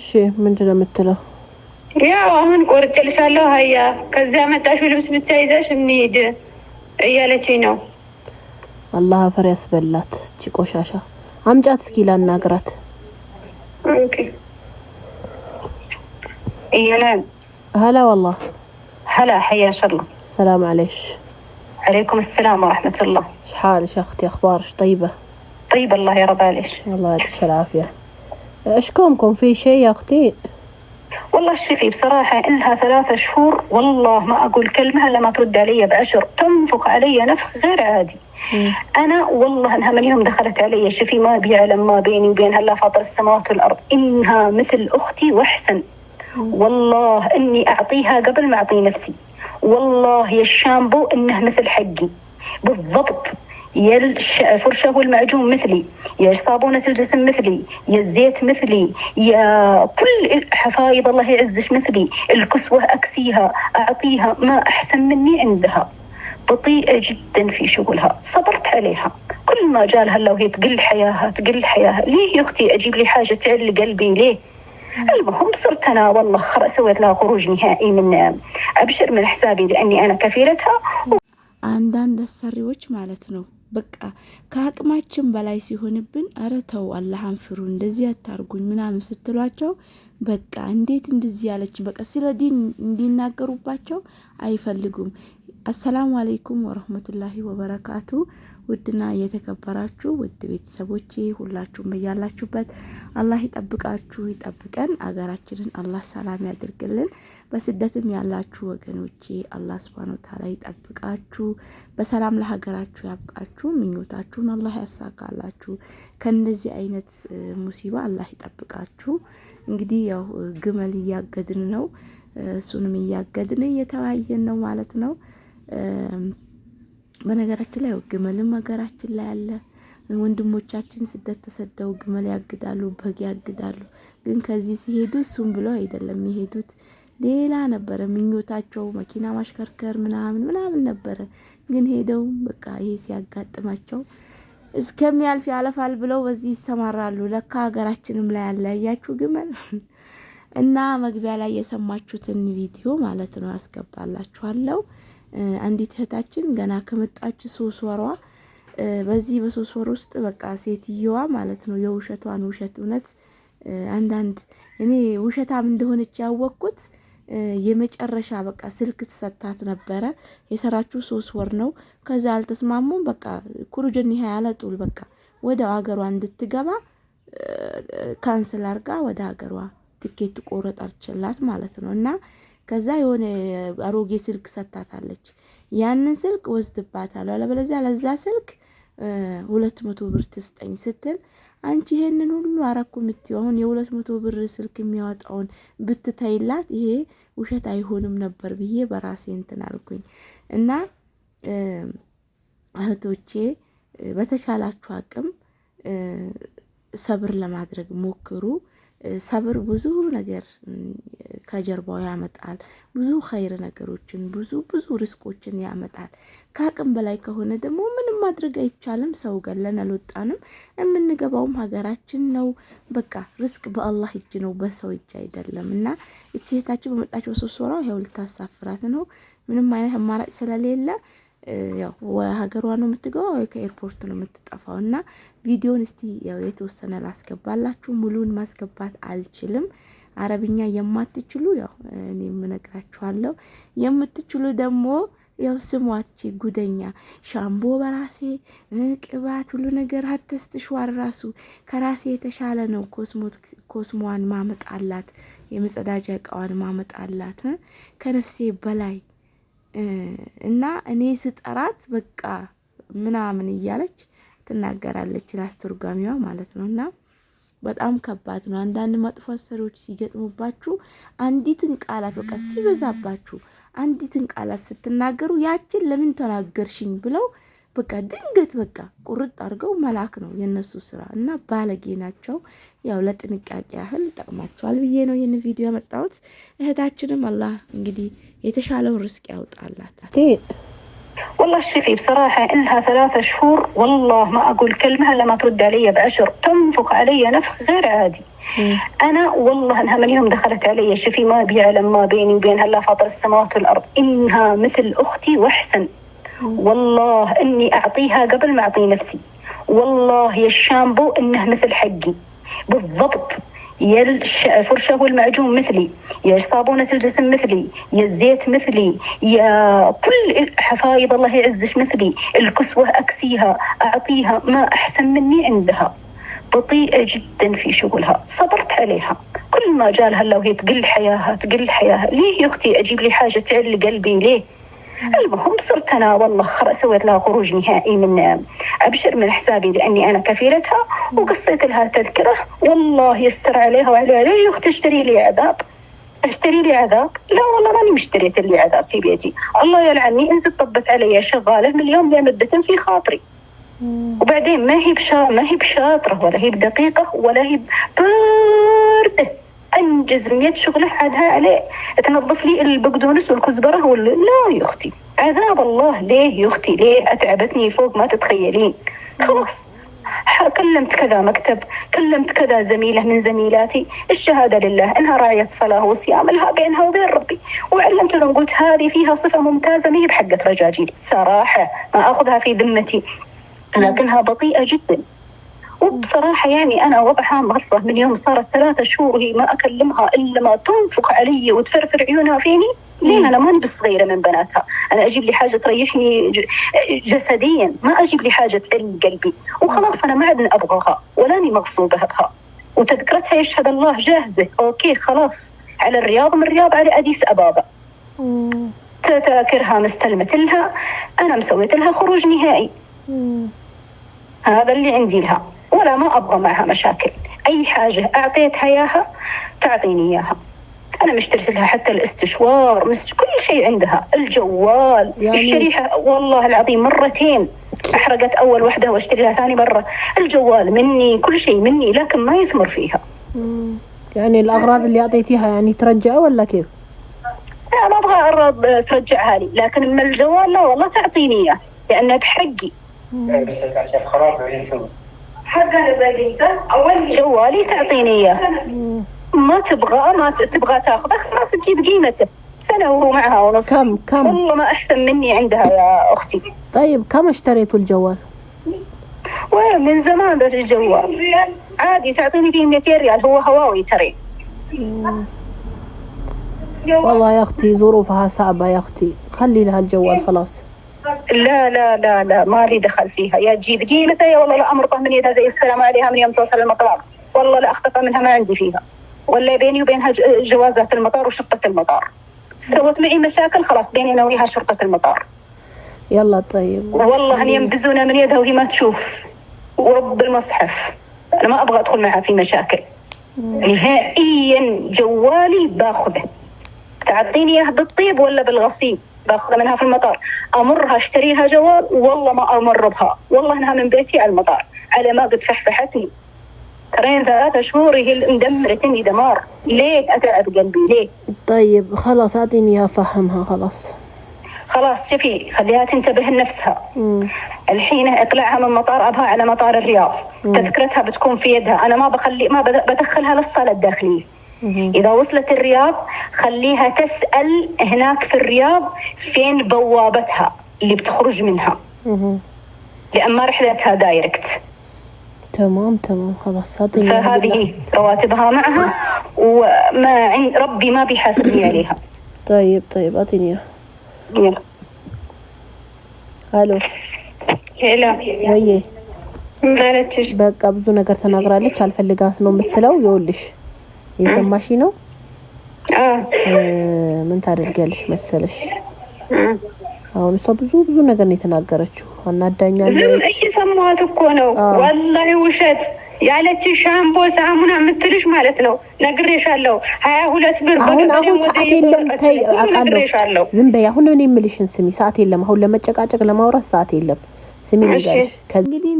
እሺ ምንድን ነው የምትለው? ያው አሁን ቆርጬልሻለሁ ሀያ ከዚያ መጣሽው ልብስ ብቻ ይዘሽ እንሂድ እያለችኝ ነው። አላህ አፈር ያስበላት። እቺ ቆሻሻ አምጫት እስኪ ላናግራት እያለን هلا والله هلا حياك الله السلام عليش عليكم السلام ورحمة الله شحالك يا أختي أخبارك طيبة طيبة الله يرضى عليك الله يعطيك العافية اشكومكم في شيء يا اختي والله شوفي بصراحة إنها ثلاثة شهور والله ما أقول كلمة إلا ما ترد علي بأشر تنفخ علي نفخ غير عادي مم. أنا والله إنها من يوم دخلت علي شوفي ما بيعلم ما بيني وبينها إلا فاطر السماوات والأرض إنها مثل أختي وأحسن والله إني أعطيها قبل ما أعطي نفسي والله يا الشامبو إنه مثل حقي بالضبط يا الفرشه والمعجون مثلي يا صابونه الجسم مثلي يا الزيت مثلي يا كل حفايض الله يعزش مثلي الكسوه اكسيها اعطيها ما احسن مني عندها بطيئه جدا في شغلها صبرت عليها كل ما جالها لو وهي تقل حياها تقل حياها ليه يا اختي اجيب لي حاجه تعل قلبي ليه المهم صرت انا والله سويت لها خروج نهائي من ابشر من حسابي لاني انا كفيلتها و... አንዳንድ አሰሪዎች ማለት ነው በቃ ከአቅማችን በላይ ሲሆንብን፣ ረተው ተው አላህን ፍሩ እንደዚህ አታርጉኝ ምናምን ስትሏቸው በቃ እንዴት እንደዚህ ያለች በቃ ስለ ዲን እንዲናገሩባቸው አይፈልጉም። አሰላሙ አሌይኩም ወረህመቱላሂ ወበረካቱ። ውድና እየተከበራችሁ ውድ ቤተሰቦቼ ሁላችሁም እያላችሁበት አላህ ይጠብቃችሁ፣ ይጠብቀን። አገራችንን አላህ ሰላም ያድርግልን። በስደትም ያላችሁ ወገኖቼ አላህ ሱብሃነሁ ወተዓላ ይጠብቃችሁ፣ በሰላም ለሀገራችሁ ያብቃችሁ፣ ምኞታችሁን አላህ ያሳካላችሁ። ከእነዚህ አይነት ሙሲባ አላህ ይጠብቃችሁ። እንግዲህ ያው ግመል እያገድን ነው፣ እሱንም እያገድን እየተወያየን ነው ማለት ነው። በነገራችን ላይ ግመልም ሀገራችን ላይ አለ። ወንድሞቻችን ስደት ተሰደው ግመል ያግዳሉ፣ በግ ያግዳሉ። ግን ከዚህ ሲሄዱ እሱም ብለው አይደለም የሄዱት ሌላ ነበረ ምኞታቸው መኪና ማሽከርከር ምናምን ምናምን ነበረ። ግን ሄደው በቃ ይሄ ሲያጋጥማቸው እስከሚያልፍ ያለፋል ብለው በዚህ ይሰማራሉ። ለካ ሀገራችንም ላይ አለ ያያችሁ ግመል እና መግቢያ ላይ የሰማችሁትን ቪዲዮ ማለት ነው ያስገባላችኋለሁ። አንዲት እህታችን ገና ከመጣች ሶስት ወሯ በዚህ በሶስት ወር ውስጥ በቃ ሴትየዋ ማለት ነው የውሸቷን ውሸት እውነት አንዳንድ እኔ ውሸታም እንደሆነች ያወቅኩት የመጨረሻ በቃ ስልክ ትሰታት ነበረ። የሰራችሁ ሶስት ወር ነው። ከዛ አልተስማሙም። በቃ ኩሩጅን ይህ ያለጡል በቃ ወደ ሀገሯ እንድትገባ ካንስል አርጋ ወደ ሀገሯ ትኬት አርችላት ማለት ነው። እና ከዛ የሆነ አሮጌ ስልክ ሰታታለች። ያንን ስልክ ወስድባታል፣ አለበለዚያ ለዛ ስልክ ሁለት መቶ ብር ትስጠኝ ስትል አንቺ ይሄንን ሁሉ አረኩ የምትይው አሁን የሁለት መቶ ብር ስልክ የሚያወጣውን ብትተይላት ይሄ ውሸት አይሆንም ነበር ብዬ በራሴ እንትን አልኩኝ እና እህቶቼ በተቻላችሁ አቅም ሰብር ለማድረግ ሞክሩ። ሰብር ብዙ ነገር ከጀርባው ያመጣል። ብዙ ኸይር ነገሮችን ብዙ ብዙ ርስቆችን ያመጣል። ከአቅም በላይ ከሆነ ደግሞ ምንም ማድረግ አይቻልም። ሰው ገለን አልወጣንም። የምንገባውም ሀገራችን ነው። በቃ ርስቅ በአላህ እጅ ነው፣ በሰው እጅ አይደለም። እና እችታችን በመጣች በሶስት ወራ ይኸው ልታሳፍራት ነው። ምንም አይነት አማራጭ ስለሌለ ያው ሀገሯ ነው የምትገባ ወይ ከኤርፖርት ነው የምትጠፋው። እና ቪዲዮን እስቲ ያው የተወሰነ ላስገባላችሁ። ሙሉን ማስገባት አልችልም። አረብኛ የማትችሉ ያው እኔ የምነግራችኋለሁ። የምትችሉ ደግሞ ያው ስሟትቺ ጉደኛ ሻምቦ በራሴ ቅባት ሁሉ ነገር አተስትሸዋል ራሱ ከራሴ የተሻለ ነው። ኮስሞዋን ማመጣላት የመጸዳጃ እቃዋን ማመጣላት ከነፍሴ በላይ እና እኔ ስጠራት በቃ ምናምን እያለች ትናገራለች ለአስተርጓሚዋ ማለት ነው። እና በጣም ከባድ ነው። አንዳንድ መጥፎ ሰሪዎች ሲገጥሙባችሁ አንዲትን ቃላት በቃ ሲበዛባችሁ አንዲትን ቃላት ስትናገሩ ያችን ለምን ተናገርሽኝ ብለው በቃ ድንገት በቃ ቁርጥ አድርገው መላክ ነው የነሱ ስራ እና ባለጌ ናቸው። ያው ለጥንቃቄ ያህል ይጠቅማቸዋል ብዬ ነው ይህን ቪዲዮ ያመጣሁት። እህታችንም አላህ እንግዲህ የተሻለው ርስቅ ያውጣላት። والله شوفي بصراحة إنها ثلاثة شهور والله ما أقول كلمة إلا ما ترد علي بعشر تنفخ علي نفخ غير عادي أنا والله إنها من يوم دخلت علي شوفي ما بيعلم ما بيني وبينها إلا فاطر السماوات والأرض إنها مثل أختي وأحسن والله إني أعطيها قبل ما أعطي نفسي والله يا الشامبو إنه مثل حقي بالضبط يا الفرشة والمعجون مثلي يا صابونة الجسم مثلي يا الزيت مثلي يا كل حفايض الله يعزش مثلي الكسوة أكسيها أعطيها ما أحسن مني عندها بطيئة جدا في شغلها صبرت عليها كل ما جالها لو هي تقل حياها تقل حياها ليه يا أختي أجيب لي حاجة تعل قلبي ليه المهم صرت انا والله سويت لها خروج نهائي من ابشر من حسابي لاني انا كفيلتها وقصيت لها تذكره والله يستر عليها وعليها ليه يا اختي اشتري لي عذاب اشتري لي عذاب لا والله ماني مشتريت لي عذاب في بيتي الله يلعني انزل طبت علي شغاله من اليوم لمده في خاطري وبعدين ما هي بشا ما هي بشاطره ولا هي بدقيقه ولا هي بارده انجز 100 شغله عادها عليه تنظف لي البقدونس والكزبره وال... لا يا اختي عذاب الله ليه يا اختي ليه اتعبتني فوق ما تتخيلين خلاص كلمت كذا مكتب كلمت كذا زميلة من زميلاتي الشهادة لله إنها راعية صلاة وصيام لها بينها وبين ربي وعلمت لهم قلت هذه فيها صفة ممتازة ما هي بحقة رجاجيل صراحة ما أخذها في ذمتي لكنها بطيئة جدا وبصراحة يعني أنا وضعها مرة من يوم صارت ثلاثة شهور هي ما أكلمها إلا ما تنفخ علي وتفرفر عيونها فيني ليه انا ماني بصغيرة من بناتها انا اجيب لي حاجه تريحني جسديا ما اجيب لي حاجه تعلي قلبي وخلاص انا ما عدنا ابغاها ولاني مغصوبه بها وتذكرتها يشهد الله جاهزه اوكي خلاص على الرياض من الرياض على اديس ابابا تذاكرها مستلمت لها انا مسويت لها خروج نهائي هذا اللي عندي لها ولا ما ابغى معها مشاكل اي حاجه اعطيتها اياها تعطيني اياها انا مشتريت لها حتى الاستشوار كل شيء عندها الجوال يعني... الشريحه والله العظيم مرتين احرقت اول وحده واشتري لها ثاني مره الجوال مني كل شيء مني لكن ما يثمر فيها مم. يعني الاغراض اللي اعطيتيها يعني ترجع ولا كيف؟ لا ما ابغى اغراض ترجعها لي لكن اما الجوال لا والله تعطيني اياه لانه بحقي بس عشان خراب جوالي تعطيني اياه ما تبغى ما تبغى تاخذه خلاص تجيب قيمته سنه وهو معها ونص كم كم والله ما احسن مني عندها يا اختي طيب كم اشتريتوا الجوال؟ وين من زمان ذا الجوال عادي تعطيني فيه 200 ريال هو هواوي ترى والله يا اختي ظروفها صعبه يا اختي خلي لها الجوال خلاص لا لا لا لا ما لي دخل فيها يا تجيب قيمتها يا والله لا امرقه من يدها زي السلام عليها من يوم توصل المطار والله لا اخطفها منها ما عندي فيها ولا بيني وبينها جوازات المطار وشرطه المطار سوت معي مشاكل خلاص بيني انا وياها شرطه المطار يلا طيب والله ان ينبزونا من يدها وهي ما تشوف ورب المصحف انا ما ابغى ادخل معها في مشاكل نهائيا جوالي باخذه تعطيني اياه بالطيب ولا بالغصيب باخذها منها في المطار امرها اشتريها جوال والله ما امر بها والله انها من بيتي على المطار على ما قد فحفحتني ترين ثلاثة شهور هي مدمرتني دمار ليه اتعب قلبي ليه طيب خلاص اعطيني افهمها خلاص خلاص شوفي خليها تنتبه لنفسها الحين اقلعها من مطار ابها على مطار الرياض مم. تذكرتها بتكون في يدها انا ما بخلي ما بدخلها للصاله الداخليه إذا وصلت الرياض خليها تسأل هناك في الرياض فين بوابتها اللي بتخرج منها لأن ما رحلتها دايركت تمام تمام خلاص هذه فهذه رواتبها معها وما عند ربي ما بيحاسبني عليها طيب طيب اعطيني اياها الو ሄሎ ወይ ማለትሽ በቃ لك ነገር ተናግራለች አልፈልጋት ነው يقول لك የሰማሽ ነው። ምን ታደርጊያለሽ መሰለሽ አሁን እሷ ብዙ ብዙ ነገር ነው የተናገረችው። አናዳኛለች። ዝም እየሰማሁት እኮ ነው። ወላሂ ውሸት ያለች ሻምፖ ሳሙና የምትልሽ ማለት ነው። ነግሬሻለሁ። ሀያ ሁለት ብር አሁን አሁን ሰዓት የለም። ተይ አውቃለሁ። ዝም በይ አሁን እኔ የምልሽን ስሚ። ሰዓት የለም። አሁን ለመጨቃጨቅ ለማውራት ሰዓት የለም። ስሚ እንግዲህ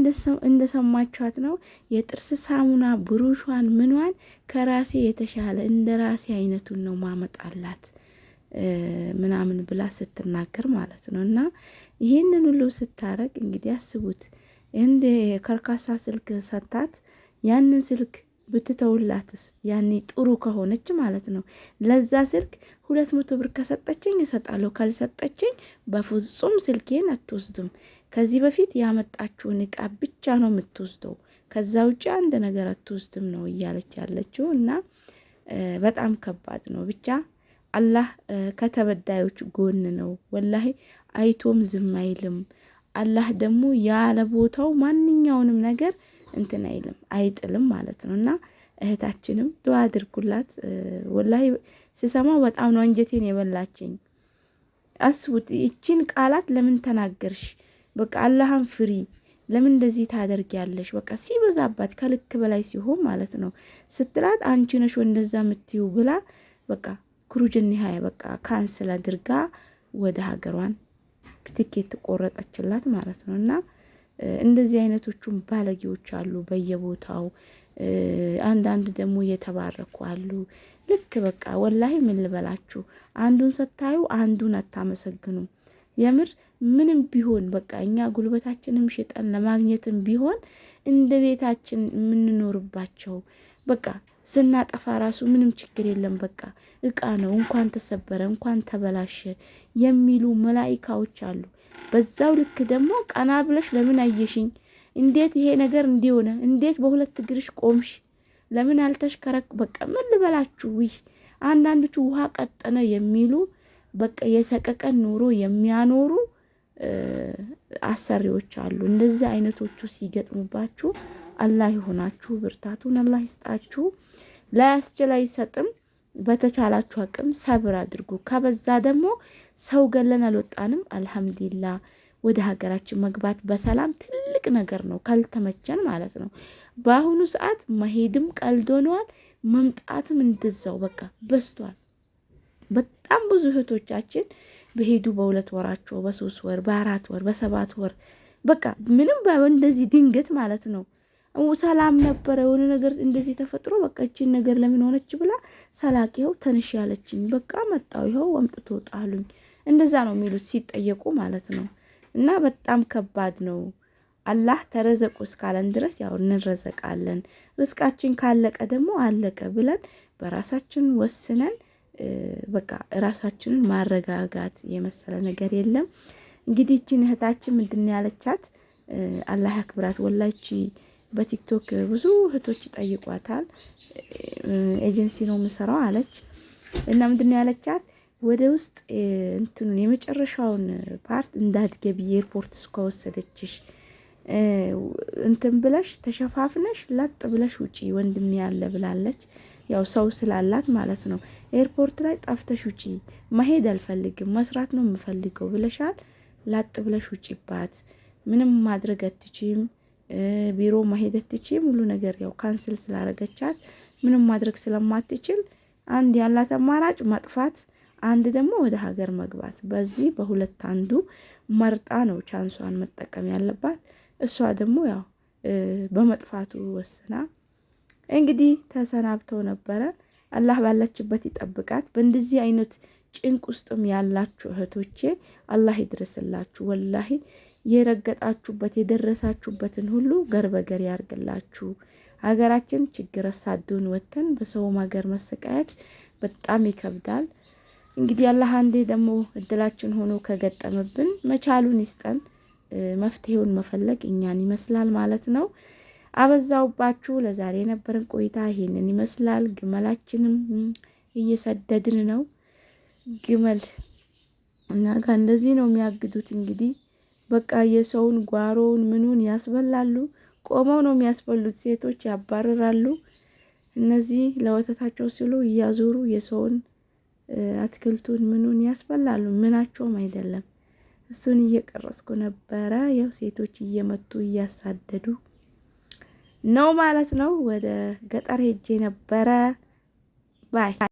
እንደሰማችኋት ነው። የጥርስ ሳሙና ብሩሿን፣ ምኗን ከራሴ የተሻለ እንደ ራሴ አይነቱን ነው ማመጣላት ምናምን ብላ ስትናገር ማለት ነው። እና ይህንን ሁሉ ስታረግ እንግዲህ አስቡት እንደ ከርካሳ ስልክ ሰታት ያንን ስልክ ብትተውላትስ ያኔ ጥሩ ከሆነች ማለት ነው። ለዛ ስልክ ሁለት መቶ ብር ከሰጠችኝ እሰጣለሁ፣ ካልሰጠችኝ በፍጹም ስልኬን አትወስድም። ከዚህ በፊት ያመጣችውን እቃ ብቻ ነው የምትወስደው፣ ከዛ ውጭ አንድ ነገር አትወስድም ነው እያለች ያለችው እና በጣም ከባድ ነው። ብቻ አላህ ከተበዳዮች ጎን ነው ወላሂ፣ አይቶም ዝም አይልም። አላህ ደግሞ ያለ ቦታው ማንኛውንም ነገር እንትን አይልም አይጥልም ማለት ነው እና እህታችንም ዱዓ አድርጉላት። ወላሂ ስሰማው በጣም ነው አንጀቴን የበላችኝ። አስቡት ይችን ቃላት ለምን ተናገርሽ? በቃ አላህን ፍሪ። ለምን እንደዚህ ታደርጊያለሽ? በቃ ሲበዛባት ከልክ በላይ ሲሆን ማለት ነው ስትላት አንቺ ነሽ እንደዛ የምትዩ ብላ በቃ ክሩጅን ሀያ በቃ ካንስል አድርጋ ወደ ሀገሯን ትኬት ቆረጠችላት ማለት ነው። እና እንደዚህ አይነቶቹም ባለጌዎች አሉ በየቦታው አንዳንድ ደግሞ እየተባረኩ አሉ። ልክ በቃ ወላሂ ምን ልበላችሁ፣ አንዱን ስታዩ አንዱን አታመሰግኑም የምር ምንም ቢሆን በቃ እኛ ጉልበታችንም ሽጠን ለማግኘትም ቢሆን እንደ ቤታችን የምንኖርባቸው በቃ ስናጠፋ ራሱ ምንም ችግር የለም። በቃ እቃ ነው እንኳን ተሰበረ እንኳን ተበላሸ የሚሉ መላይካዎች አሉ። በዛው ልክ ደግሞ ቀና ብለሽ ለምን አየሽኝ? እንዴት ይሄ ነገር እንዲሆነ? እንዴት በሁለት እግርሽ ቆምሽ? ለምን አልተሽከረክ? በቃ ምን ልበላችሁ። ይህ አንዳንዶቹ ውሃ ቀጠነ የሚሉ በቃ የሰቀቀን ኑሮ የሚያኖሩ አሰሪዎች አሉ። እንደዚህ አይነቶቹ ሲገጥሙባችሁ አላህ የሆናችሁ ብርታቱን አላህ ይስጣችሁ። ላያስችል አይሰጥም። በተቻላችሁ አቅም ሰብር አድርጉ። ከበዛ ደግሞ ሰው ገለን አልወጣንም። አልሐምዱሊላ ወደ ሀገራችን መግባት በሰላም ትልቅ ነገር ነው፣ ካልተመቸን ማለት ነው። በአሁኑ ሰዓት መሄድም ቀልድ ሆኗል፣ መምጣትም እንደዛው በቃ በስቷል። በጣም ብዙ እህቶቻችን በሄዱ በሁለት ወራቸው በሶስት ወር በአራት ወር በሰባት ወር በቃ ምንም እንደዚህ ድንገት ማለት ነው። ሰላም ነበረ የሆነ ነገር እንደዚህ ተፈጥሮ በቃ እችን ነገር ለምን ሆነች ብላ ሰላቅ ይኸው ተንሽ ያለችኝ በቃ መጣው ይኸው ወምጥቶ ጣሉኝ። እንደዛ ነው የሚሉት ሲጠየቁ ማለት ነው። እና በጣም ከባድ ነው። አላህ ተረዘቁ እስካለን ድረስ ያው እንረዘቃለን። ርስቃችን ካለቀ ደግሞ አለቀ ብለን በራሳችን ወስነን በቃ ራሳችንን ማረጋጋት የመሰለ ነገር የለም። እንግዲህ እችን እህታችን ምንድን ያለቻት አላህ አክብራት ወላች በቲክቶክ ብዙ እህቶች ይጠይቋታል። ኤጀንሲ ነው የምሰራው አለች እና ምንድን ያለቻት ወደ ውስጥ እንትኑን የመጨረሻውን ፓርት እንዳትገቢ ኤርፖርት እስከወሰደችሽ እንትን ብለሽ ተሸፋፍነሽ ላጥ ብለሽ ውጪ ወንድም ያለ ብላለች። ያው ሰው ስላላት ማለት ነው። ኤርፖርት ላይ ጠፍተሽ ውጪ፣ መሄድ አልፈልግም መስራት ነው የምፈልገው ብለሻል። ላጥ ብለሽ ውጪባት። ምንም ማድረግ አትችም፣ ቢሮ መሄድ አትችም። ሁሉ ነገር ያው ካንስል ስላረገቻት ምንም ማድረግ ስለማትችል አንድ ያላት አማራጭ መጥፋት፣ አንድ ደግሞ ወደ ሀገር መግባት። በዚህ በሁለት አንዱ መርጣ ነው ቻንሷን መጠቀም ያለባት። እሷ ደግሞ ያው በመጥፋቱ ወስና እንግዲህ ተሰናብተው ነበረ። አላህ ባላችሁበት ይጠብቃት። በእንደዚህ አይነት ጭንቅ ውስጥም ያላችሁ እህቶቼ አላህ ይድረስላችሁ። ወላሂ የረገጣችሁበት የደረሳችሁበትን ሁሉ ገር በገር ያርግላችሁ። ሀገራችን ችግር አሳዱን ወተን በሰውም ሀገር መሰቃየት በጣም ይከብዳል። እንግዲህ አላህ አንዴ ደግሞ እድላችን ሆኖ ከገጠመብን መቻሉን ይስጠን። መፍትሄውን መፈለግ እኛን ይመስላል ማለት ነው። አበዛውባችሁ። ለዛሬ የነበረን ቆይታ ይሄንን ይመስላል። ግመላችንም እየሰደድን ነው። ግመል እና ጋር እንደዚህ ነው የሚያግዱት። እንግዲህ በቃ የሰውን ጓሮውን ምኑን ያስበላሉ። ቆመው ነው የሚያስበሉት። ሴቶች ያባረራሉ። እነዚህ ለወተታቸው ሲሉ እያዞሩ የሰውን አትክልቱን ምኑን ያስበላሉ። ምናቸውም አይደለም። እሱን እየቀረጽኩ ነበረ። ያው ሴቶች እየመቱ እያሳደዱ ነው ማለት ነው። ወደ ገጠር ሄጄ ነበረ ባይ